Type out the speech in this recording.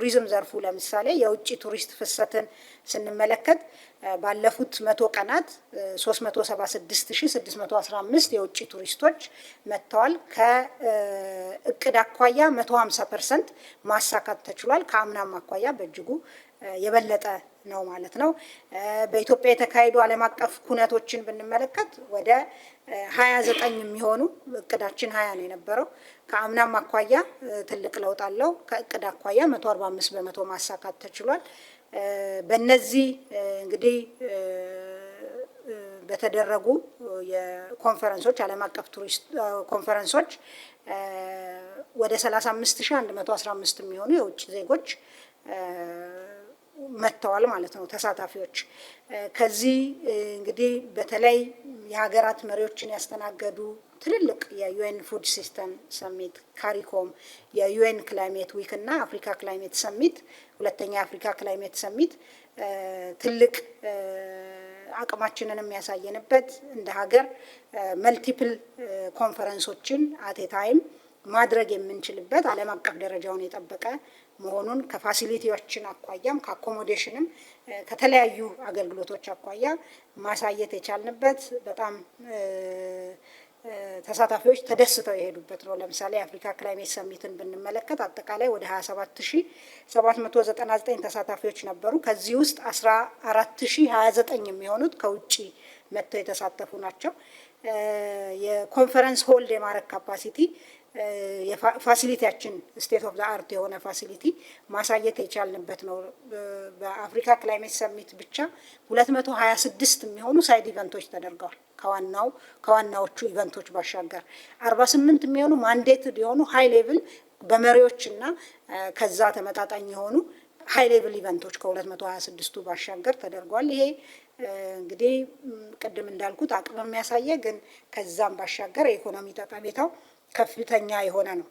ቱሪዝም ዘርፉ ለምሳሌ የውጭ ቱሪስት ፍሰትን ስንመለከት ባለፉት መቶ ቀናት 376615 የውጭ ቱሪስቶች መጥተዋል። ከእቅድ አኳያ 150 ፐርሰንት ማሳካት ተችሏል። ከአምናም አኳያ በእጅጉ የበለጠ ነው ማለት ነው። በኢትዮጵያ የተካሄዱ ዓለም አቀፍ ኩነቶችን ብንመለከት ወደ 29 የሚሆኑ እቅዳችን 20 ነው የነበረው። ከአምናም አኳያ ትልቅ ለውጥ አለው። ከእቅድ አኳያ 145 በመቶ ማሳካት ተችሏል። በእነዚህ እንግዲህ በተደረጉ የኮንፈረንሶች ዓለም አቀፍ ቱሪስት ኮንፈረንሶች ወደ 35115 የሚሆኑ የውጭ ዜጎች መጥተዋል ማለት ነው ተሳታፊዎች። ከዚህ እንግዲህ በተለይ የሀገራት መሪዎችን ያስተናገዱ ትልልቅ የዩኤን ፉድ ሲስተም ሰሚት፣ ካሪኮም፣ የዩኤን ክላይሜት ዊክ እና አፍሪካ ክላይሜት ሰሚት፣ ሁለተኛ የአፍሪካ ክላይሜት ሰሚት ትልቅ አቅማችንን የሚያሳየንበት እንደ ሀገር መልቲፕል ኮንፈረንሶችን አቴ ታይም ማድረግ የምንችልበት ዓለም አቀፍ ደረጃውን የጠበቀ መሆኑን ከፋሲሊቲዎችን አኳያም ከአኮሞዴሽንም ከተለያዩ አገልግሎቶች አኳያ ማሳየት የቻልንበት በጣም ተሳታፊዎች ተደስተው የሄዱበት ነው። ለምሳሌ የአፍሪካ ክላይሜት ሰሚትን ብንመለከት አጠቃላይ ወደ 27799 ተሳታፊዎች ነበሩ። ከዚህ ውስጥ 14029 የሚሆኑት ከውጭ መጥተው የተሳተፉ ናቸው። የኮንፈረንስ ሆልድ የማድረግ ካፓሲቲ ፋሲሊቲያችን ስቴት ኦፍ ዘ አርት የሆነ ፋሲሊቲ ማሳየት የቻልንበት ነው። በአፍሪካ ክላይሜት ሰሚት ብቻ ስድስት የሚሆኑ ሳይድ ኢቨንቶች ተደርገዋል። ከዋናው ከዋናዎቹ ኢቨንቶች ባሻገር 48 የሚሆኑ ማንዴትድ የሆኑ ሃይ ሌቭል በመሪዎችና ከዛ ተመጣጣኝ የሆኑ ሀይ ሌቭል ኢቨንቶች ከ ሀያ ስድስቱ ባሻገር ተደርጓል። ይሄ እንግዲህ ቅድም እንዳልኩት አቅም የሚያሳየ ግን ከዛም ባሻገር የኢኮኖሚ ጠቀሜታው ከፍተኛ የሆነ ነው።